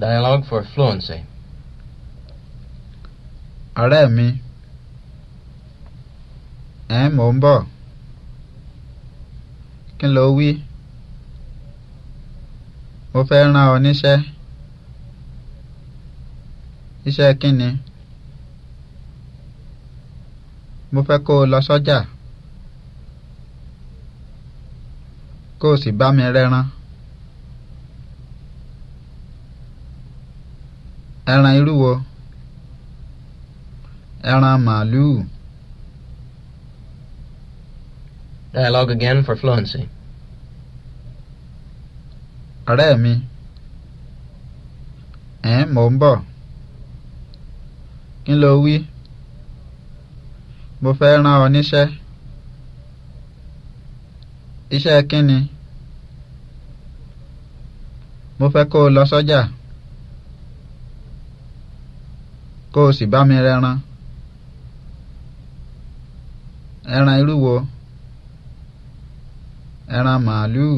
Dialogue for fluency. Ọ̀rẹ́ mi, ẹ̀ mò ń bọ̀. Kí ló wí? Mo fẹ́ rán ọ níṣẹ́. Iṣẹ́ kí ni? Mo fẹ́ kó o lọ sọ́jà. Kó o sì bá mi rẹ́ran. ẹran irúwọ ẹran màlúù. Dialogue again for fluency. Ọ̀rẹ́ mi, ẹ̀ mò ń bọ̀. Kí ló wí? Mo fẹ́ rán ọ níṣẹ́. Iṣẹ́ kí ni? Mo fẹ́ kó o lọ sọ́jà. So kó o sì bá mi rẹran ẹran irú wo ẹran màálùú.